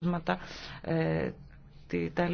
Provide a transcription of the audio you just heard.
αποτελέσματα ε,